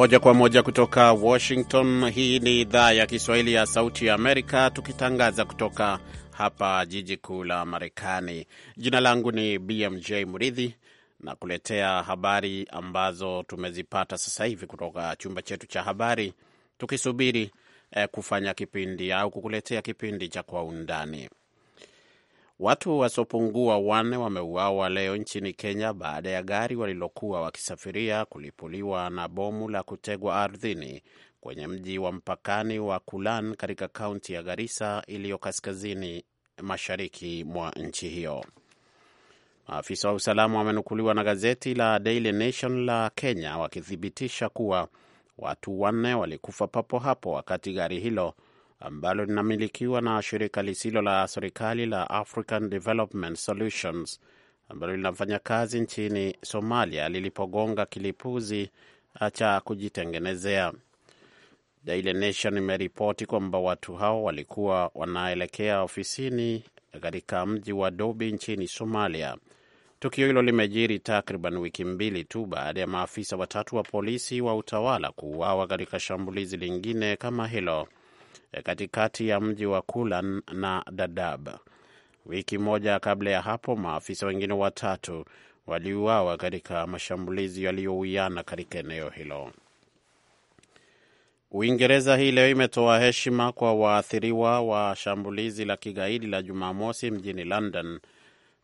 moja kwa moja kutoka Washington. Hii ni idhaa ya Kiswahili ya Sauti ya Amerika, tukitangaza kutoka hapa jiji kuu la Marekani. Jina langu ni BMJ Muridhi na kuletea habari ambazo tumezipata sasa hivi kutoka chumba chetu cha habari, tukisubiri eh, kufanya kipindi au kukuletea kipindi cha Kwa Undani. Watu wasiopungua wanne wameuawa leo nchini Kenya baada ya gari walilokuwa wakisafiria kulipuliwa na bomu la kutegwa ardhini kwenye mji wa mpakani wa Kulan katika kaunti ya Garissa iliyo kaskazini mashariki mwa nchi hiyo. Maafisa wa usalama wamenukuliwa na gazeti la Daily Nation la Kenya wakithibitisha kuwa watu wanne walikufa papo hapo wakati gari hilo ambalo linamilikiwa na shirika lisilo la serikali la African Development Solutions ambalo linafanya kazi nchini Somalia lilipogonga kilipuzi cha kujitengenezea. Daily Nation imeripoti kwamba watu hao walikuwa wanaelekea ofisini katika mji wa Dobi nchini Somalia. Tukio hilo limejiri takriban wiki mbili tu baada ya maafisa watatu wa polisi wa utawala kuuawa katika shambulizi lingine kama hilo katikati ya mji wa Kulan na dadab Wiki moja kabla ya hapo, maafisa wengine watatu waliuawa katika mashambulizi yaliyowiana katika eneo hilo. Uingereza hii leo imetoa heshima kwa waathiriwa wa shambulizi la kigaidi la Jumamosi mjini London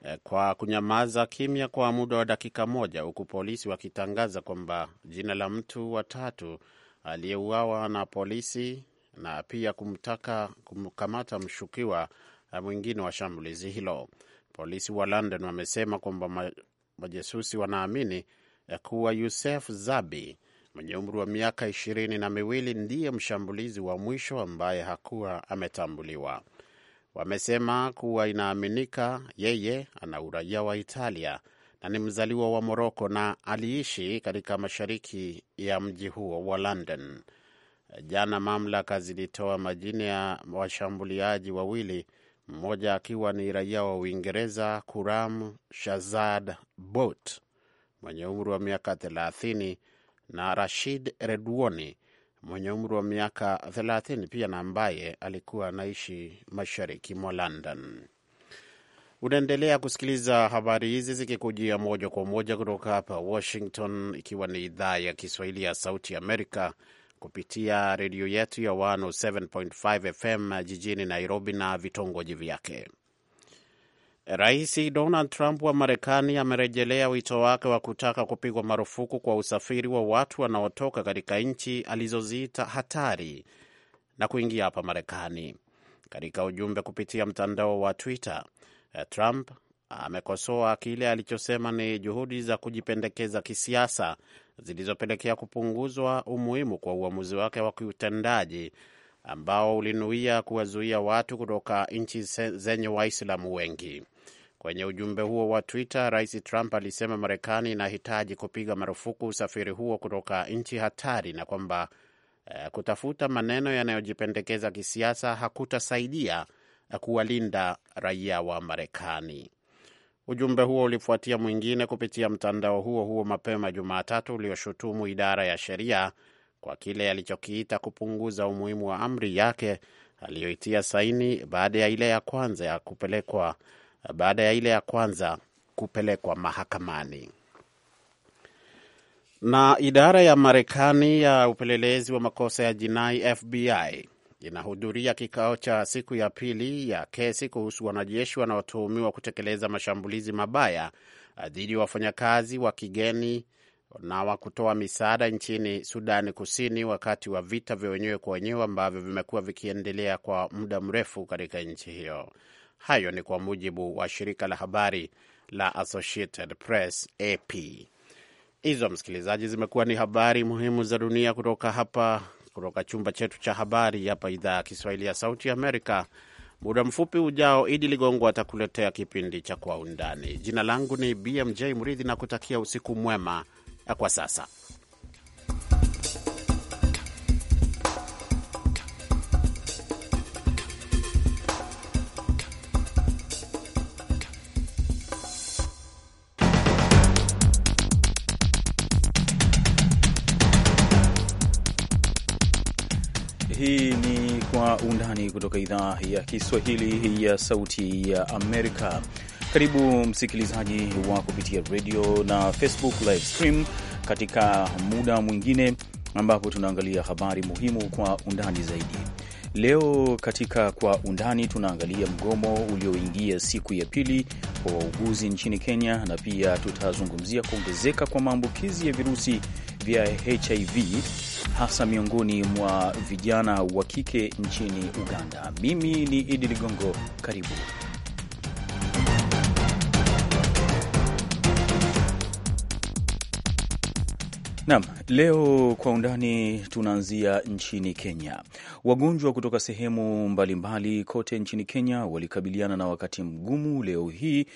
eh, kwa kunyamaza kimya kwa muda wa dakika moja, huku polisi wakitangaza kwamba jina la mtu watatu aliyeuawa na polisi na pia kumtaka kumkamata mshukiwa eh, mwingine wa shambulizi hilo. Polisi wa London wamesema kwamba majasusi wanaamini eh, kuwa Yusef Zabi mwenye umri wa miaka ishirini na miwili ndiye mshambulizi wa mwisho ambaye hakuwa ametambuliwa. Wamesema kuwa inaaminika yeye ana uraia wa Italia na ni mzaliwa wa Moroko na aliishi katika mashariki ya mji huo wa London. Jana mamlaka zilitoa majina ya washambuliaji wawili, mmoja akiwa ni raia wa Uingereza, Kuram Shazad Bot mwenye umri wa miaka 30 na Rashid Redwoni mwenye umri wa miaka 30 pia na ambaye alikuwa anaishi mashariki mwa London. Unaendelea kusikiliza habari hizi zikikujia moja kwa moja kutoka hapa Washington, ikiwa ni idhaa ya Kiswahili ya Sauti Amerika kupitia redio yetu ya 107.5 FM jijini Nairobi na vitongoji vyake. Rais Donald Trump wa Marekani amerejelea wito wake wa kutaka kupigwa marufuku kwa usafiri wa watu wanaotoka katika nchi alizoziita hatari na kuingia hapa Marekani. Katika ujumbe kupitia mtandao wa Twitter, eh, Trump amekosoa kile alichosema ni juhudi za kujipendekeza kisiasa zilizopelekea kupunguzwa umuhimu kwa uamuzi wake wa kiutendaji ambao ulinuia kuwazuia watu kutoka nchi zenye Waislamu wengi. Kwenye ujumbe huo wa Twitter, Rais Trump alisema Marekani inahitaji kupiga marufuku usafiri huo kutoka nchi hatari na kwamba eh, kutafuta maneno yanayojipendekeza kisiasa hakutasaidia eh, kuwalinda raia wa Marekani. Ujumbe huo ulifuatia mwingine kupitia mtandao huo huo mapema Jumatatu ulioshutumu idara ya sheria kwa kile alichokiita kupunguza umuhimu wa amri yake aliyoitia saini baada ya ile ya kwanza ya kupelekwa baada ya ile ya kwanza kupelekwa mahakamani. Na idara ya Marekani ya upelelezi wa makosa ya jinai FBI linahudhuria kikao cha siku ya pili ya kesi kuhusu wanajeshi wanaotuhumiwa kutekeleza mashambulizi mabaya uh, dhidi ya wafanyakazi wa kigeni na wa kutoa misaada nchini Sudani Kusini wakati wa vita vya wenyewe kwa wenyewe ambavyo vimekuwa vikiendelea kwa muda mrefu katika nchi hiyo. Hayo ni kwa mujibu wa shirika la habari la Associated Press, AP. Hizo msikilizaji, zimekuwa ni habari muhimu za dunia kutoka hapa kutoka chumba chetu cha habari hapa idhaa ya Kiswahili ya Sauti Amerika. Muda mfupi ujao, Idi Ligongo atakuletea kipindi cha Kwa Undani. Jina langu ni BMJ Mridhi na kutakia usiku mwema kwa sasa. kutoka idhaa ya Kiswahili ya Sauti ya Amerika. Karibu msikilizaji wa kupitia radio na Facebook live stream katika muda mwingine ambapo tunaangalia habari muhimu kwa undani zaidi. Leo katika Kwa Undani tunaangalia mgomo ulioingia siku ya pili kwa wauguzi nchini Kenya, na pia tutazungumzia kuongezeka kwa maambukizi ya virusi vya HIV hasa miongoni mwa vijana wa kike nchini Uganda. Mimi ni Idi Ligongo, karibu. nam leo kwa undani tunaanzia nchini Kenya. Wagonjwa kutoka sehemu mbalimbali kote nchini Kenya walikabiliana na wakati mgumu leo hii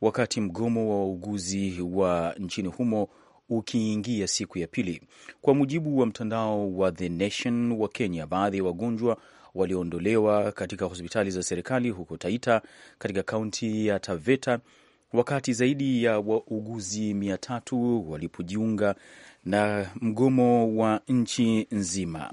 wakati mgomo wa wauguzi wa nchini humo ukiingia siku ya pili. Kwa mujibu wa mtandao wa The Nation wa Kenya, baadhi ya wagonjwa walioondolewa katika hospitali za serikali huko Taita katika kaunti ya Taveta wakati zaidi ya wauguzi mia tatu walipojiunga na mgomo wa nchi nzima.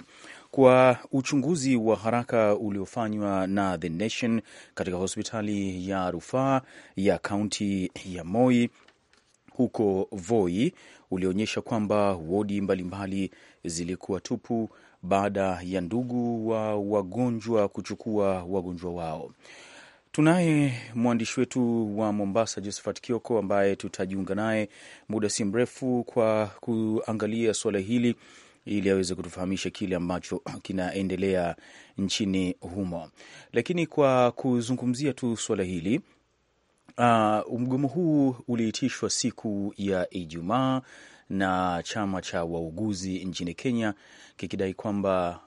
Kwa uchunguzi wa haraka uliofanywa na The Nation katika hospitali ya rufaa ya kaunti ya Moi huko Voi, ulionyesha kwamba wodi mbalimbali zilikuwa tupu baada ya ndugu wa wagonjwa kuchukua wagonjwa wao. Tunaye mwandishi wetu wa Mombasa, Josephat Kioko, ambaye tutajiunga naye muda si mrefu kwa kuangalia suala hili ili aweze kutufahamisha kile ambacho kinaendelea nchini humo. Lakini kwa kuzungumzia tu suala hili, Uh, mgomo huu uliitishwa siku ya Ijumaa na chama cha wauguzi nchini Kenya kikidai kwamba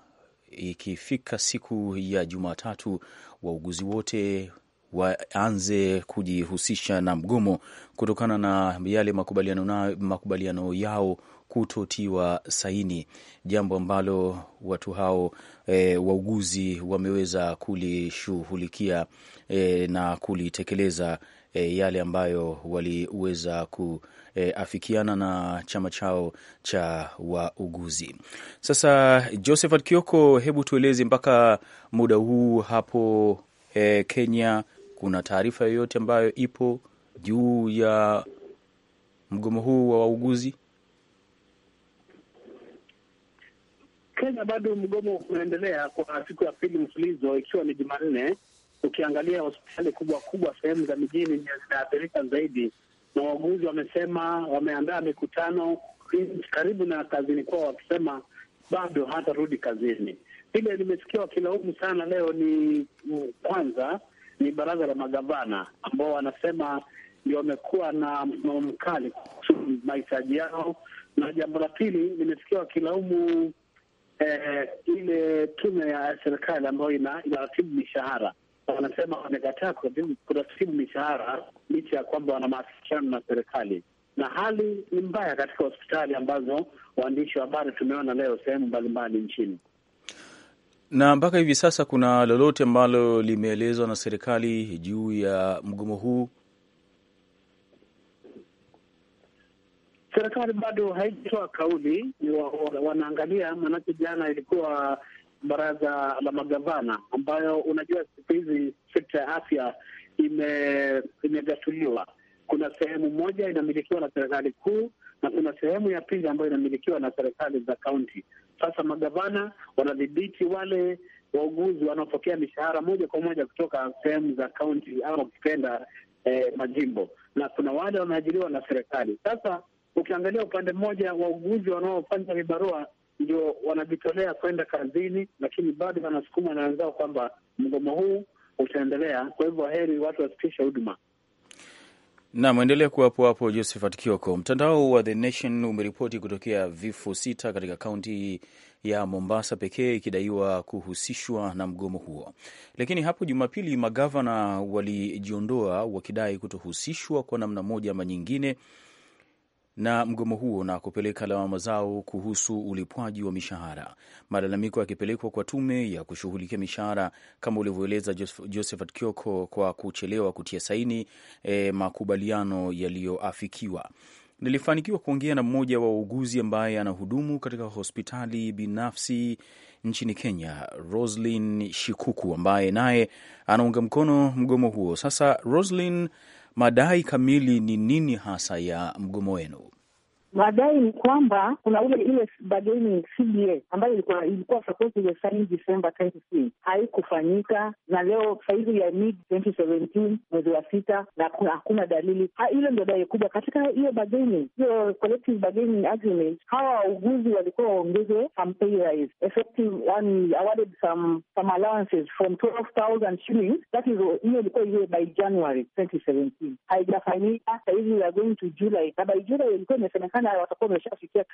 ikifika siku ya Jumatatu wauguzi wote waanze kujihusisha na mgomo kutokana na yale makubaliano, na, makubaliano yao kutotiwa saini, jambo ambalo watu hao e, wauguzi wameweza kulishughulikia e, na kulitekeleza e, yale ambayo waliweza kuafikiana e, na chama chao cha wauguzi. Sasa Josephat Kioko, hebu tueleze mpaka muda huu hapo e, Kenya, kuna taarifa yoyote ambayo ipo juu ya mgomo huu wa wauguzi? Kenya bado mgomo unaendelea kwa siku ya pili mfulizo, ikiwa ni Jumanne ukiangalia hospitali kubwa kubwa sehemu za mijini ndio zinaathirika zaidi, na wauguzi wamesema wameandaa mikutano karibu na kazini kwao, wakisema bado hatarudi kazini. Vile nimesikia wakilaumu sana leo ni mm, kwanza ni baraza la magavana ambao wanasema ndio wamekuwa na msimamo mkali kuhusu mahitaji yao, na jambo la pili nimesikia wakilaumu eh, ile tume ya serikali ambayo inaratibu ina mishahara wanasema wamekataa kurasimu mishahara licha ya kwamba wana maafikiano na serikali, na hali ni mbaya katika hospitali ambazo waandishi wa habari tumeona leo sehemu mbalimbali nchini. Na mpaka hivi sasa kuna lolote ambalo limeelezwa na serikali juu ya mgomo huu? Serikali bado haijatoa kauli, wanaangalia. Maanake jana ilikuwa baraza la magavana, ambayo unajua siku hizi sekta ya afya imegatuliwa. Kuna sehemu moja inamilikiwa na serikali kuu na kuna sehemu ya pili ambayo inamilikiwa na serikali za kaunti. Sasa magavana wanadhibiti wale wauguzi wanaopokea mishahara moja kwa moja kutoka sehemu za kaunti ama ukipenda eh, majimbo, na kuna wale wameajiriwa na serikali. Sasa ukiangalia upande mmoja, wauguzi wanaofanya vibarua ndio wanajitolea kwenda kazini, lakini bado wanasukuma na wenzao kwamba mgomo huu utaendelea. Kwa hivyo heri watu wasitishe huduma. Nam endelea kuwapo hapo. Josephat Kioko. Mtandao wa The Nation umeripoti kutokea vifo sita katika kaunti ya Mombasa pekee ikidaiwa kuhusishwa na mgomo huo, lakini hapo Jumapili magavana walijiondoa wakidai kutohusishwa kwa namna moja ama nyingine na mgomo huo na kupeleka lawama zao kuhusu ulipwaji wa mishahara, malalamiko yakipelekwa kwa tume ya kushughulikia mishahara, kama ulivyoeleza Josephat Kioko, kwa kuchelewa kutia saini e, makubaliano yaliyoafikiwa. Nilifanikiwa kuongea na mmoja wa wauguzi ambaye anahudumu katika hospitali binafsi nchini Kenya, roslin Shikuku, ambaye naye anaunga mkono mgomo huo. Sasa Roslin, madai kamili ni nini hasa ya mgomo wenu? Madai ni kwamba kuna ule ile bargaining CBA ambayo ilikuwa ilikuwa supposed iwesaini Desemba haikufanyika, na leo sahizi ya mid 2017 mwezi wa sita, na hakuna dalili. Hilo ndio dai kubwa katika hiyo bargaining, hiyo collective bargaining agreement. Hawa wauguzi walikuwa waongeze some pay rise effective, awarded some some allowances from 12000 shillings, that is hiyo ilikuwa iwe by January 2017 haijafanyika. Sahizi we are going to July, na by July ilikuwa imesemekana inasemekana watakuwa wameshafikia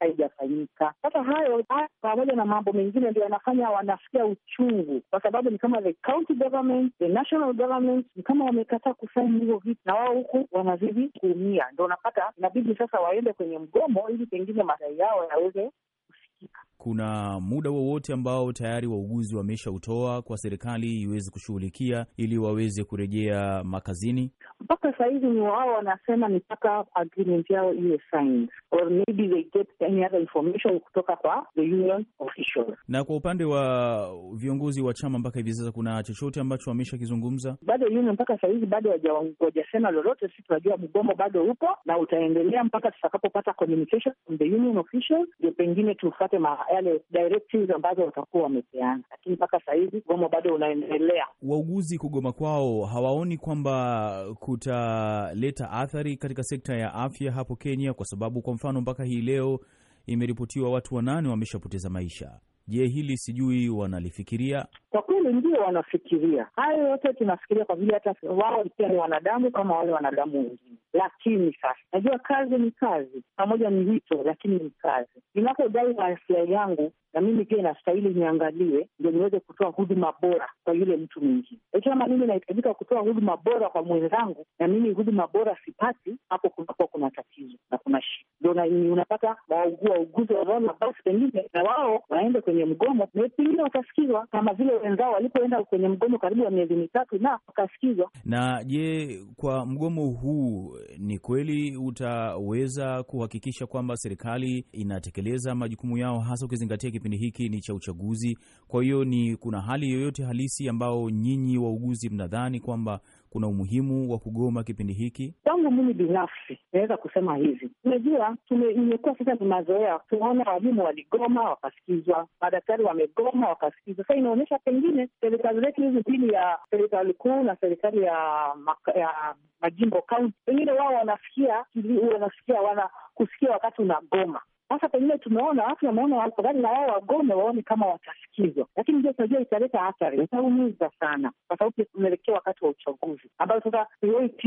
haijafanyika. Sasa hayo pamoja na mambo mengine ndio yanafanya wanafikia uchungu, kwa sababu ni kama the county government, the national government ni kama wamekataa kusaini hivyo vitu, na wao huku wanazidi kuumia, ndo unapata inabidi sasa waende kwenye mgomo ili pengine madai yao yaweze kusikika kuna muda wowote ambao tayari wauguzi wameshautoa kwa serikali iweze kushughulikia ili waweze kurejea makazini? Mpaka sahizi ni wao wanasema ni mpaka agreement yao iwe signed or maybe they get any other information kutoka kwa the union official. Na kwa upande wa viongozi wa chama mpaka hivi sasa kuna chochote ambacho kizungumza Bado union mpaka sahizi bado hawajasema lolote. Si tunajua mgomo bado upo na utaendelea mpaka tutakapopata communication from the union official, ndio pengine tufate ma yale directives ambazo watakuwa wamepeana, lakini mpaka sahizi mgomo bado unaendelea. Wauguzi kugoma kwao hawaoni kwamba kutaleta athari katika sekta ya afya hapo Kenya? Kwa sababu kwa mfano mpaka hii leo imeripotiwa watu wanane wameshapoteza maisha. Je, hili sijui wanalifikiria? Kwa kweli ndio wanafikiria hayo yote, tunafikiria kwa vile hata wao pia ni wanadamu kama wale wanadamu wengine. Lakini sasa, najua kazi ni kazi, pamoja ni wito, lakini ni kazi. Ninapodai maasia yangu na mimi pia inastahili niangaliwe, ndio niweze kutoa huduma bora kwa yule mtu mwingine. Kama mimi nahitajika kutoa huduma bora kwa mwenzangu, na mimi huduma bora sipati, hapo kunakuwa kuna tatizo na kuna shida ndio unapata wauguzi wanaona basi pengine na wao waende kwenye mgomo, pengine wakasikizwa kama vile wenzao walipoenda kwenye mgomo karibu ya miezi mitatu na wakasikizwa. Na je, kwa mgomo huu ni kweli utaweza kuhakikisha kwamba serikali inatekeleza majukumu yao, hasa ukizingatia kipindi hiki ni cha uchaguzi? Kwa hiyo ni kuna hali yoyote halisi ambao nyinyi wauguzi mnadhani kwamba kuna umuhimu wa kugoma kipindi hiki? Tangu mimi binafsi naweza kusema hivi, unajua imekuwa sasa ni mazoea. Tunaona walimu waligoma wakasikizwa, madaktari wamegoma wakasikizwa. Sasa inaonyesha pengine serikali zetu hizi mbili, ya serikali kuu na serikali ya, ya majimbo kaunti, pengine wao wanasikia wanasikia wana kusikia wakati unagoma sasa pengine tumeona watu wameona wafadhali na wao wagome waone kama watasikizwa, lakini ndio tunajua italeta athari, itaumiza sana, kwa sababu tunaelekea wakati wa uchaguzi ambayo sasa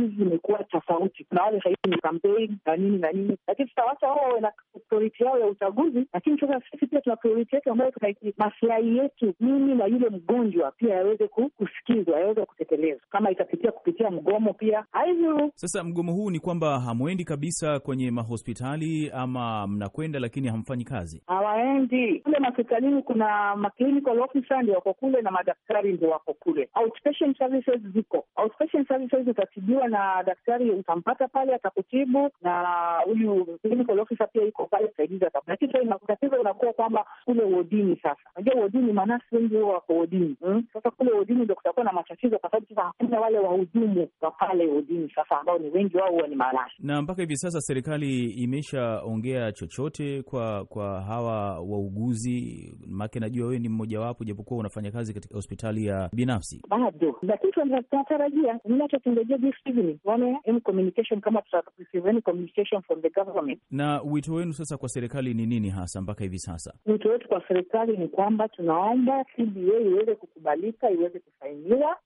zimekuwa tofauti. Kuna wale sahizi ni kampeni na nini na nini, lakini tutawaacha wao wawe na priority yao ya uchaguzi, lakini sasa sisi pia tuna priority yetu ambayo tuna masilahi yetu, mimi na yule mgonjwa pia yaweze kusikizwa, yaweze kutekelezwa, kama itapitia kupitia mgomo pia aivyo. Sasa mgomo huu ni kwamba hamwendi kabisa kwenye mahospitali ama mnakwenda wanaenda lakini hamfanyi kazi, hawaendi kule. mahospitalini. kuna maclinical officer ndio wako kule na madaktari ndio wako kule. Outpatient services ziko, outpatient services utatibiwa na daktari, utampata pale atakutibu, na huyu clinical officer pia iko pale kusaidiza, lakini tatizo unakuwa kwamba kule wodini sasa, najua wodini, manasi wengi huwa wako wodini hmm? Sasa kule wodini ndio kutakuwa na matatizo, kwa sababu sasa hakuna wale wahudumu wa pale wodini sasa, ambao ni wengi wao huwa ni manasi, na mpaka hivi sasa serikali imeshaongea chochote yoyote kwa, kwa hawa wauguzi? Maake najua wewe ni mmojawapo, japokuwa unafanya kazi katika hospitali ya binafsi bado, lakini tunatarajia mnachotungojea kama communication from the government. Na wito wenu sasa kwa serikali ni nini hasa mpaka hivi sasa? Wito wetu kwa serikali ni kwamba tunaomba CBA iweze kukubalika, iweze kusainiwa,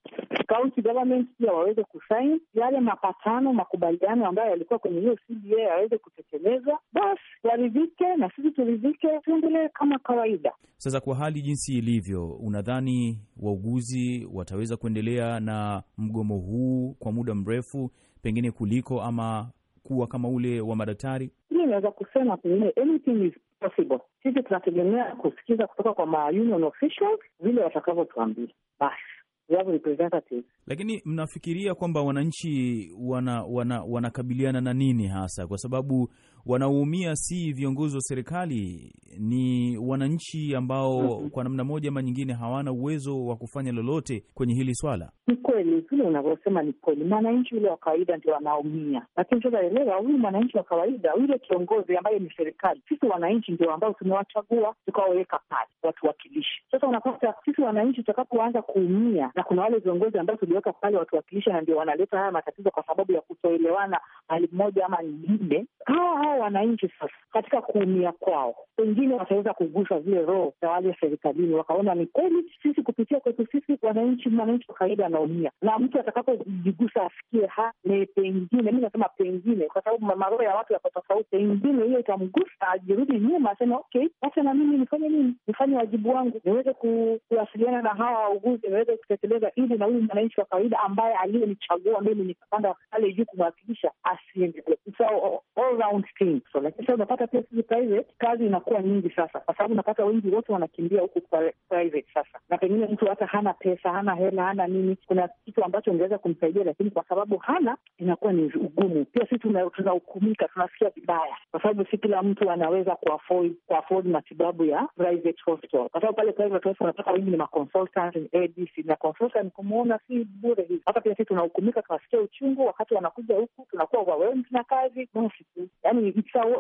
county government pia waweze kusain yale mapatano, makubaliano ambayo yalikuwa kwenye hiyo CBA yaweze kutekelezwa, basi waridhike na sisi turidhike, tuendelee kama kawaida. Sasa kwa hali jinsi ilivyo, unadhani wauguzi wataweza kuendelea na mgomo huu kwa muda mrefu pengine kuliko ama kuwa kama ule wa madaktari? Mi naweza kusema pengine anything is possible. Sisi tunategemea kusikiza kutoka kwa ma union officials vile watakavyotuambia, basi representatives lakini mnafikiria kwamba wananchi wanakabiliana wana, wana na nini hasa, kwa sababu wanaoumia si viongozi wa serikali, ni wananchi ambao mhm. kwa namna moja ama nyingine hawana uwezo wa kufanya lolote kwenye hili swala. Ni kweli vile unavyosema, ni kweli, mwananchi ule wa kawaida ndio wanaumia, lakini tunaelewa huyu mwananchi wa kawaida, yule kiongozi ambaye ni serikali, sisi wananchi ndio ambao tumewachagua tukawaweka pale watuwakilishi. Sasa unapata sisi wananchi tutakapoanza kuumia, na kuna wale viongozi ambao kuwaweka pale watuwakilishi, na ndio wanaleta haya matatizo kwa sababu ya kutoelewana hali moja ama nyingine. Hawa hawa wananchi sasa, katika kuumia kwao, pengine wataweza kugusa zile roho za wale serikalini, wakaona ni kweli, sisi kupitia kwetu sisi wananchi, mwananchi wa kawaida anaumia, na mtu atakapojigusa asikie ha ni pengine, mi nasema pengine kwa sababu maroho ya watu yako tofauti, pengine hiyo itamgusa ajirudi nyuma, asema okay, wacha na mimi nifanye nini, nifanye wajibu wangu, niweze kuwasiliana na hawa wauguzi, niweze kutekeleza ili na huyu mwananchi wa kawaida ambaye aliyenichagua mimi nikapanda pale juu kumwakilisha asiendelee. So all round team. So lakini sasa unapata pia sisi private kazi inakuwa nyingi sasa, kwa sababu unapata wengi wote wanakimbia huku private sasa, na pengine mtu hata hana pesa, hana hela, hana nini, kuna kitu ambacho ungeweza kumsaidia, lakini kwa sababu hana inakuwa ni ugumu. Pia sisi tunahukumika, tunasikia vibaya, kwa sababu si kila mtu anaweza kuafford kuafford matibabu ya private hospital, kwa sababu pale private hospital unapata wengi ni maconsultant ADC na consultant, kumwona si bure hivi. Hata pia sisi tunahukumika, tunasikia uchungu wakati wanakuja huku, tunakuwa wawengi na kazi basi yani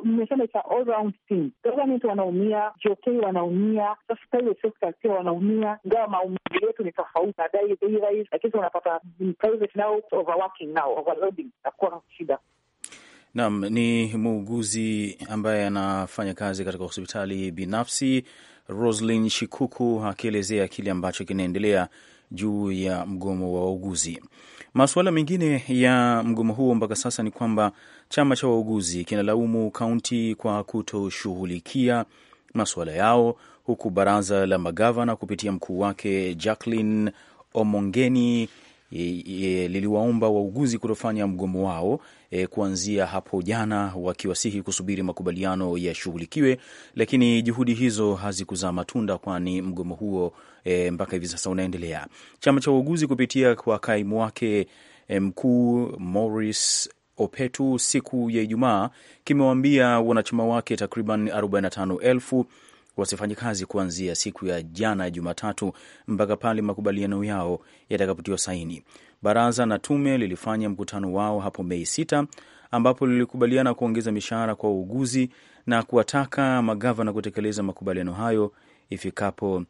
nimesema it's all round thing. Government wanaumia, JK wanaumia, sasa private sector pia wanaumia, ingawa maumbile yetu ni tofauti na bei rise, lakini unapata private nao overworking nao overloading nakuwa shida. Naam, ni muuguzi ambaye anafanya kazi katika hospitali binafsi Roslyn Shikuku akielezea kile ambacho kinaendelea juu ya mgomo wa wauguzi. Masuala mengine ya mgomo huo mpaka sasa ni kwamba chama cha wauguzi kinalaumu kaunti kwa kutoshughulikia masuala yao, huku baraza la magavana kupitia mkuu wake Jacqueline Omongeni E, e, liliwaomba wauguzi kutofanya mgomo wao e, kuanzia hapo jana, wakiwasihi kusubiri makubaliano yashughulikiwe, lakini juhudi hizo hazikuzaa matunda, kwani mgomo huo e, mpaka hivi sasa unaendelea. Chama cha uuguzi kupitia kwa kaimu wake e, mkuu Morris Opetu siku ya Ijumaa kimewaambia wanachama wake takriban 45,000 wasifanye kazi kuanzia siku ya jana ya Jumatatu mpaka pale makubaliano yao yatakapotiwa saini. Baraza na tume lilifanya mkutano wao hapo Mei 6 ambapo lilikubaliana kuongeza mishahara kwa uuguzi na kuwataka magavana kutekeleza makubaliano hayo ifikapo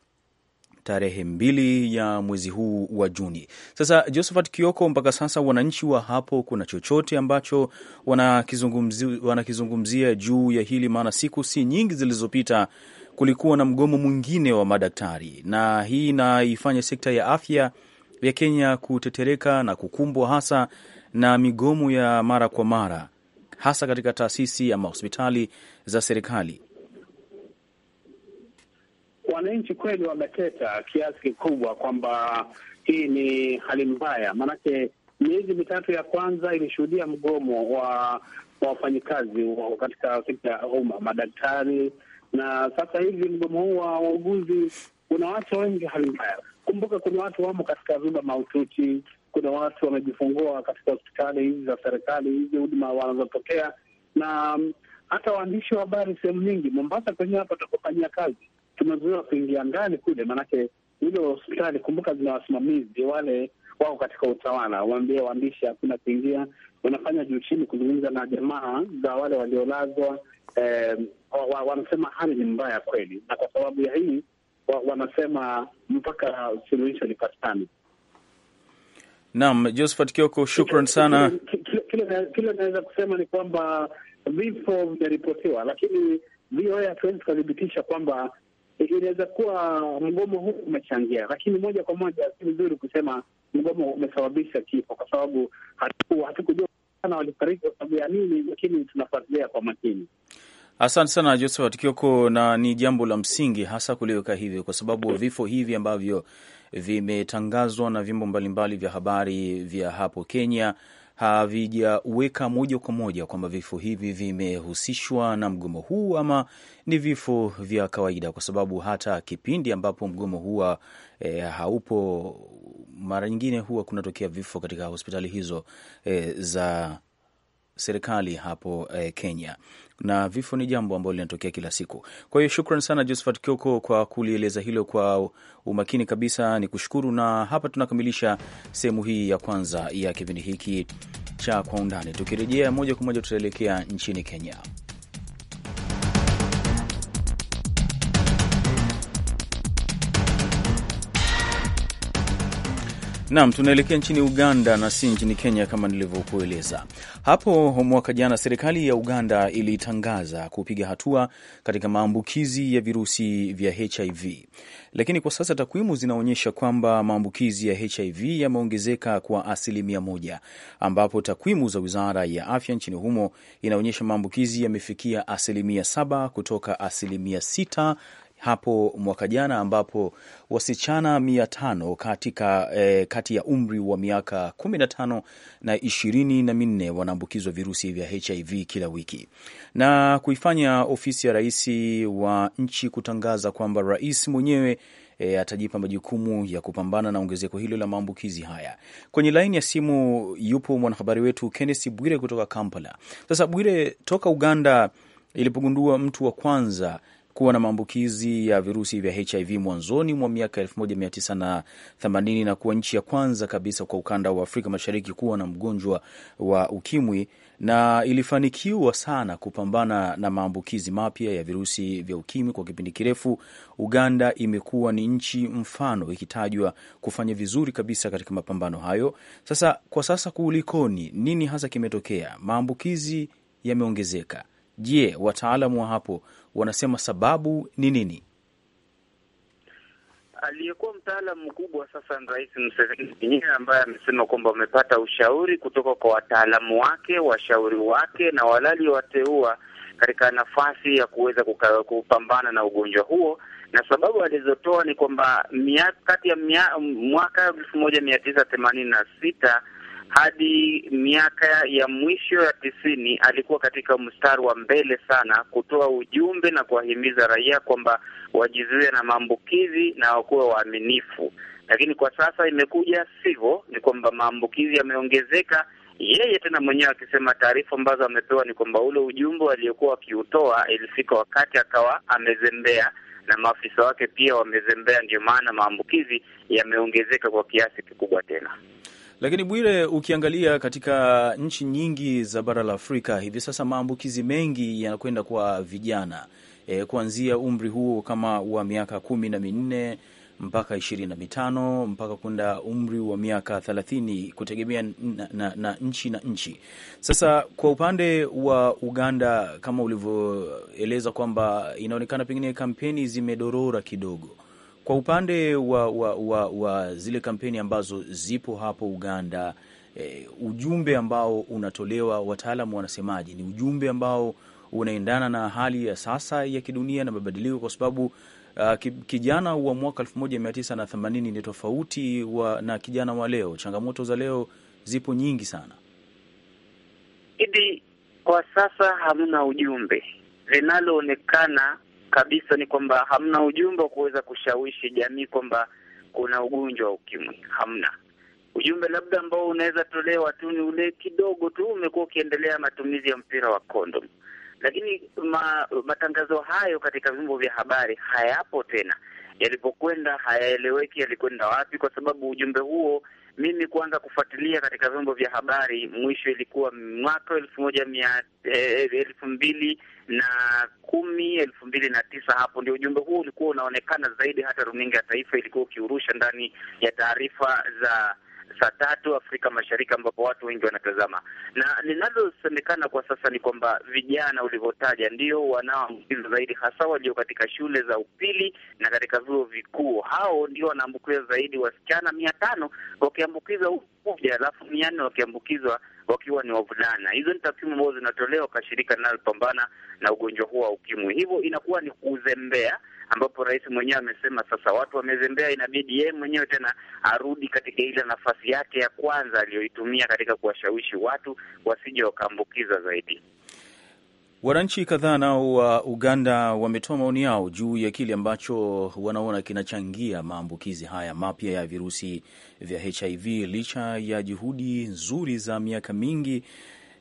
tarehe mbili ya mwezi huu wa Juni. Sasa Josephat Kioko, mpaka sasa wananchi wa hapo, kuna chochote ambacho wanakizungumzia, wanakizungumzia juu ya hili? Maana siku si nyingi zilizopita kulikuwa na mgomo mwingine wa madaktari, na hii inaifanya sekta ya afya ya Kenya kutetereka na kukumbwa hasa na migomo ya mara kwa mara, hasa katika taasisi ama hospitali za serikali wananchi kweli wameteta kiasi kikubwa kwamba hii ni hali mbaya, maanake miezi mitatu ya kwanza ilishuhudia mgomo wa wafanyikazi wa katika sekta ya umma, madaktari, na sasa hivi mgomo huu wa wauguzi unawacha wengi hali mbaya. Kumbuka kuna watu wamo katika vyumba mahututi, kuna watu wamejifungua katika hospitali hizi za serikali, hizi huduma wanazotokea na mm, hata waandishi wa habari sehemu nyingi Mombasa kwenyewe hapa tunakofanyia kazi tumezuiwa kuingia ndani kule, maanake ile hospitali kumbuka, zina wasimamizi wale wako katika utawala, waambie waandishi hakuna kuingia. Wanafanya juu chini kuzungumza na jamaa za wale waliolazwa. Eh, wanasema wa, wa hali ni mbaya kweli, na kwa sababu ya hii wanasema wa mpaka suluhisho lipatikane. Naam, Josephat Kioko, shukran sana. Kile inaweza kusema ni kwamba vifo vimeripotiwa, lakini VOA hatuwezi tukathibitisha kwamba inaweza kuwa mgomo huu umechangia, lakini moja kwa moja si vizuri kusema mgomo umesababisha kifo, kwa sababu hatukujua sana walifariki kwa sababu ya nini, lakini tunafuatilia kwa makini. Asante sana Josephat Kioko, na ni jambo la msingi hasa kuliweka hivyo, kwa sababu vifo hivi ambavyo vimetangazwa na vyombo mbalimbali vya habari vya hapo Kenya havijaweka moja kwa moja kwamba vifo hivi vimehusishwa na mgomo huu ama ni vifo vya kawaida, kwa sababu hata kipindi ambapo mgomo huwa e, haupo mara nyingine huwa kunatokea vifo katika hospitali hizo e, za serikali hapo eh, Kenya na vifo ni jambo ambalo linatokea kila siku. Kwa hiyo shukran sana Josephat Kioko kwa kulieleza hilo kwa umakini kabisa, ni kushukuru. Na hapa tunakamilisha sehemu hii ya kwanza ya kipindi hiki cha Kwa Undani. Tukirejea moja kwa moja, tutaelekea nchini Kenya. Naam, tunaelekea nchini Uganda na si nchini Kenya kama nilivyokueleza hapo. Mwaka jana serikali ya Uganda ilitangaza kupiga hatua katika maambukizi ya virusi vya HIV, lakini kwa sasa takwimu zinaonyesha kwamba maambukizi ya HIV yameongezeka kwa asilimia moja, ambapo takwimu za wizara ya afya nchini humo inaonyesha maambukizi yamefikia asilimia saba kutoka asilimia sita hapo mwaka jana ambapo wasichana mia tano katika eh, kati ya umri wa miaka kumi na tano na ishirini na minne wanaambukizwa virusi vya HIV kila wiki, na kuifanya ofisi ya rais wa nchi kutangaza kwamba rais mwenyewe E, atajipa majukumu ya kupambana na ongezeko hilo la maambukizi haya. Kwenye laini ya simu yupo mwanahabari wetu kennesi Bwire kutoka Kampala. Sasa Bwire, toka Uganda ilipogundua mtu wa kwanza kuwa na maambukizi ya virusi vya HIV mwanzoni mwa miaka 1980 na kuwa nchi ya kwanza kabisa kwa ukanda wa Afrika Mashariki kuwa na mgonjwa wa ukimwi na ilifanikiwa sana kupambana na maambukizi mapya ya virusi vya ukimwi kwa kipindi kirefu. Uganda imekuwa ni nchi mfano, ikitajwa kufanya vizuri kabisa katika mapambano hayo. Sasa kwa sasa kulikoni? Nini hasa kimetokea? Maambukizi yameongezeka, Je, wataalamu wa hapo wanasema sababu ni nini? Aliyekuwa mtaalamu mkubwa sasa ni Rais Museveni mwenyewe ambaye amesema kwamba wamepata ushauri kutoka kwa wataalamu wake, washauri wake na wala aliowateua katika nafasi ya kuweza kupambana na ugonjwa huo, na sababu alizotoa ni kwamba kati ya mwaka elfu moja mia tisa themanini na sita hadi miaka ya mwisho ya tisini alikuwa katika mstari wa mbele sana kutoa ujumbe na kuwahimiza raia kwamba wajizuie na maambukizi na wakuwe waaminifu. Lakini kwa sasa imekuja sivyo, ni kwamba maambukizi yameongezeka. Yeye tena mwenyewe akisema taarifa ambazo amepewa ni kwamba ule ujumbe aliokuwa wakiutoa ilifika wakati akawa amezembea na maafisa wake pia wamezembea, ndio maana maambukizi yameongezeka kwa kiasi kikubwa tena. Lakini Bwire, ukiangalia katika nchi nyingi za bara la Afrika hivi sasa maambukizi mengi yanakwenda kwa vijana e, kuanzia umri huo kama wa miaka kumi na minne mpaka ishirini na mitano mpaka kwenda umri wa miaka thelathini kutegemea na, na, na nchi na nchi. Sasa kwa upande wa Uganda kama ulivyoeleza kwamba inaonekana pengine kampeni zimedorora kidogo kwa upande wa, wa, wa, wa zile kampeni ambazo zipo hapo Uganda, e, ujumbe ambao unatolewa wataalamu wanasemaje? Ni ujumbe ambao unaendana na hali ya sasa ya kidunia na mabadiliko, kwa sababu Uh, kijana wa mwaka elfu moja mia tisa na themanini ni tofauti wa, na kijana wa leo. Changamoto za leo zipo nyingi sana idi. Kwa sasa hamna ujumbe, linaloonekana kabisa ni kwamba hamna ujumbe wa kuweza kushawishi jamii kwamba kuna ugonjwa wa ukimwi. Hamna ujumbe labda ambao unaweza tolewa tu ni ule kidogo tu umekuwa ukiendelea matumizi ya mpira wa kondom, lakini ma, matangazo hayo katika vyombo vya habari hayapo tena. Yalipokwenda hayaeleweki, yalikwenda wapi? Kwa sababu ujumbe huo mimi kuanza kufuatilia katika vyombo vya habari mwisho ilikuwa mwaka elfu moja mia eh, elfu mbili na kumi elfu mbili na tisa hapo ndio ujumbe huo ulikuwa unaonekana zaidi. Hata runinga ya taifa ilikuwa ukiurusha ndani ya taarifa za saa tatu Afrika Mashariki, ambapo watu wengi wanatazama, na linalosemekana kwa sasa ni kwamba vijana ulivyotaja ndio wanaoambukizwa zaidi, hasa walio katika shule za upili na katika vyuo vikuu. Hao ndio wanaambukiza zaidi, wasichana mia tano wakiambukizwa moja, alafu mia nne wakiambukizwa wakiwa ni wavulana. Hizo ni takwimu ambazo zinatolewa kwa shirika linalopambana na ugonjwa huo wa ukimwi, hivyo inakuwa ni kuzembea ambapo rais mwenyewe amesema sasa watu wamezembea, inabidi yeye mwenyewe tena arudi katika ile nafasi yake ya kwanza aliyoitumia katika kuwashawishi watu wasije wakaambukiza zaidi. Wananchi kadhaa nao wa Uganda wametoa maoni yao juu ya kile ambacho wanaona kinachangia maambukizi haya mapya ya virusi vya HIV licha ya juhudi nzuri za miaka mingi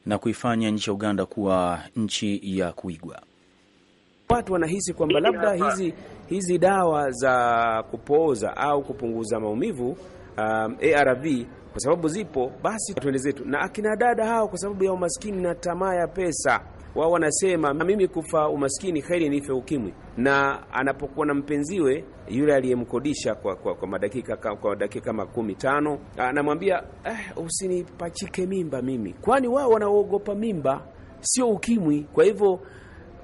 na kuifanya nchi ya Uganda kuwa nchi ya kuigwa watu wanahisi kwamba labda hizi, hizi dawa za kupooza au kupunguza maumivu um, ARV kwa sababu zipo, basi twende zetu. Na akina dada hao, kwa sababu ya umaskini na tamaa ya pesa, wao wanasema mimi kufa umaskini heri nife ukimwi. Na anapokuwa na mpenziwe yule aliyemkodisha kwa, kwa, kwa madakika kwa dakika makumi tano anamwambia eh, usinipachike mimba mimi, kwani wao wanaogopa mimba, sio ukimwi. Kwa hivyo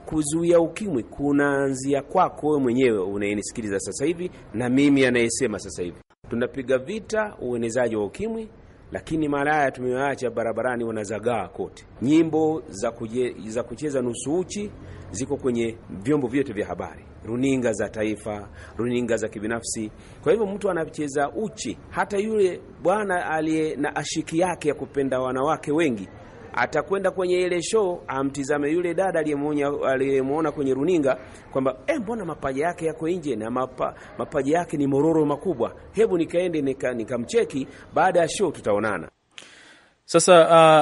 kuzuia ukimwi kunaanzia kwako wewe mwenyewe unayenisikiliza sasa hivi na mimi anayesema sasa hivi. Tunapiga vita uenezaji wa ukimwi, lakini malaya tumewacha barabarani, wanazagaa kote. Nyimbo za, kuje, za kucheza nusu uchi ziko kwenye vyombo vyote vya habari, runinga za taifa, runinga za kibinafsi. Kwa hivyo mtu anacheza uchi, hata yule bwana aliye na ashiki yake ya kupenda wanawake wengi atakwenda kwenye ile show amtizame yule dada aliyemwona kwenye runinga kwamba eh, mbona mapaja yake yako nje na mapa, mapaja yake ni mororo makubwa, hebu nikaende nikamcheki, nika baada ya show tutaonana. Sasa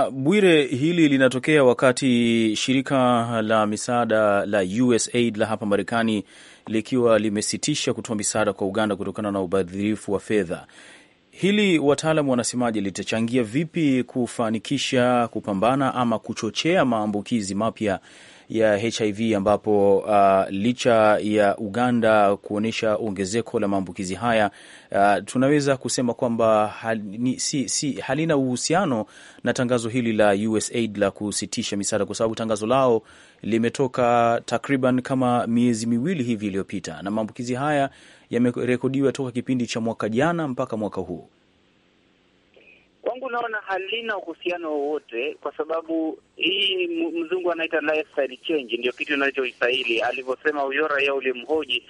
uh, Bwire, hili linatokea wakati shirika la misaada la USAID la hapa Marekani likiwa limesitisha kutoa misaada kwa Uganda kutokana na ubadhirifu wa fedha hili wataalamu wanasemaje, litachangia vipi kufanikisha kupambana ama kuchochea maambukizi mapya ya HIV ambapo uh, licha ya Uganda kuonyesha ongezeko la maambukizi haya uh, tunaweza kusema kwamba hal, si, si, halina uhusiano na tangazo hili la USAID la kusitisha misaada, kwa sababu tangazo lao limetoka takriban kama miezi miwili hivi iliyopita, na maambukizi haya yamerekodiwa toka kipindi cha mwaka jana mpaka mwaka huu? Kwangu naona halina uhusiano wowote, kwa sababu hii mzungu anaita lifestyle change, ndio kitu inachoistahili alivyosema huyo raia ulimhoji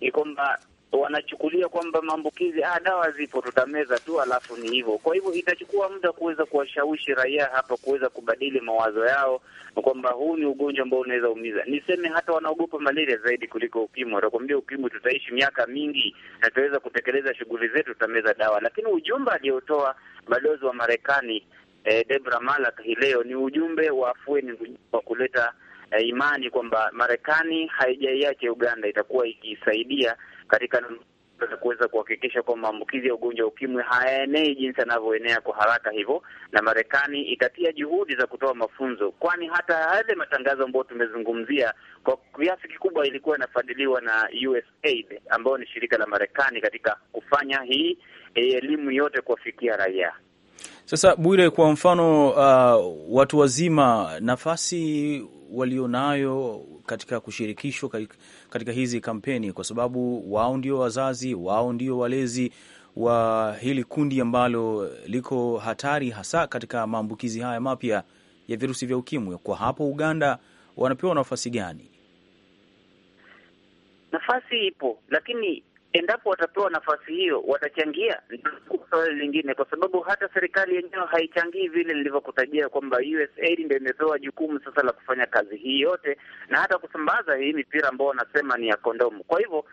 ni kwamba wanachukulia kwamba maambukizi, ah, dawa zipo, tutameza tu, alafu ni hivyo. Kwa hivyo itachukua muda kuweza kuwashawishi raia hapa kuweza kubadili mawazo yao kwamba huu ni ugonjwa ambao unaweza umiza. Niseme hata wanaogopa malaria zaidi kuliko ukimwi. Watakwambia ukimwi tutaishi miaka mingi na tutaweza kutekeleza shughuli zetu, tutameza dawa. Lakini ujumbe aliotoa balozi wa Marekani eh, Debra Malak hii leo ni ujumbe wa afueni, wa kuleta eh, imani kwamba Marekani haijaiache Uganda, itakuwa ikisaidia katika kuweza kuhakikisha kwamba maambukizi ya ugonjwa wa ukimwi hayaenei jinsi yanavyoenea kwa haraka hivyo, na Marekani itatia juhudi za kutoa mafunzo, kwani hata yale matangazo ambayo tumezungumzia kwa kiasi kikubwa ilikuwa inafadhiliwa na USAID ambayo ni shirika la Marekani katika kufanya hii eh, elimu yote kuwafikia raia. Sasa Bwire, kwa mfano uh, watu wazima nafasi walionayo katika kushirikishwa katika hizi kampeni, kwa sababu wao ndio wazazi, wao ndio walezi wa hili kundi ambalo liko hatari hasa katika maambukizi haya mapya ya virusi vya ukimwi, kwa hapo Uganda wanapewa nafasi gani? Nafasi ipo, lakini endapo watapewa nafasi hiyo watachangia, ndio swali lingine, kwa sababu hata serikali yenyewe haichangii vile nilivyokutajia kwamba USAID ndio imepewa jukumu sasa la kufanya kazi hii yote na hata kusambaza hii mipira ambao wanasema ni ya kondomu. Kwa hivyo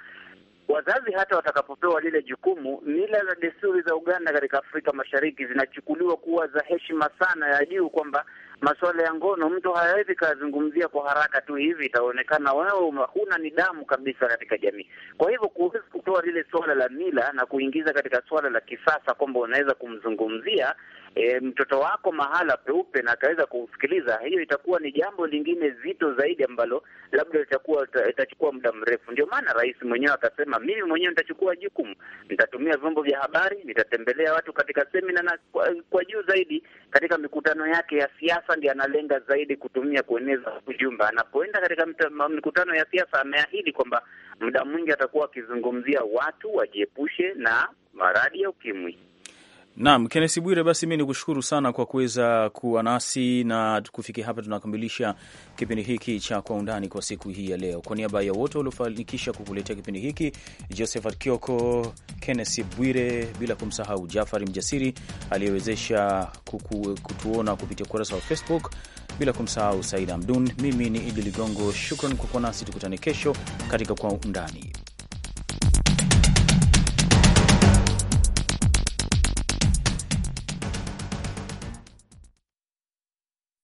Wazazi hata watakapopewa lile jukumu, mila za desturi za Uganda katika Afrika Mashariki zinachukuliwa kuwa za heshima sana ya juu, kwamba masuala ya ngono mtu hayawezi kazungumzia kwa haraka tu hivi, itaonekana wewe huna nidhamu kabisa katika jamii. Kwa hivyo kuweza kutoa lile suala la mila na kuingiza katika suala la kisasa, kwamba unaweza kumzungumzia e, mtoto wako mahala peupe na akaweza kusikiliza, hiyo itakuwa ni jambo lingine zito zaidi ambalo labda itakuwa itachukua muda mrefu. Ndio maana rais mwenyewe akasema, mimi mwenyewe nitachukua jukumu, nitatumia vyombo vya habari, nitatembelea watu katika semina na kwa, kwa juu zaidi katika mikutano yake ya siasa, ndio analenga zaidi kutumia kueneza ujumbe anapoenda katika mikutano ya siasa. Ameahidi kwamba muda mwingi atakuwa akizungumzia watu wajiepushe na maradhi ya ukimwi. Naam, kennesi Bwire, basi mi ni kushukuru sana kwa kuweza kuwa nasi na kufikia hapa. Tunakamilisha kipindi hiki cha Kwa Undani kwa siku hii ya leo. Kwa niaba ya wote waliofanikisha kukuletea kipindi hiki, Josephat Kioko, Kenesi Bwire, bila kumsahau Jafari Mjasiri aliyewezesha kutuona kupitia ukurasa wa Facebook, bila kumsahau Said Amdun. Mimi ni Idi Ligongo, shukran kwa kuwa nasi. Tukutane kesho katika Kwa Undani.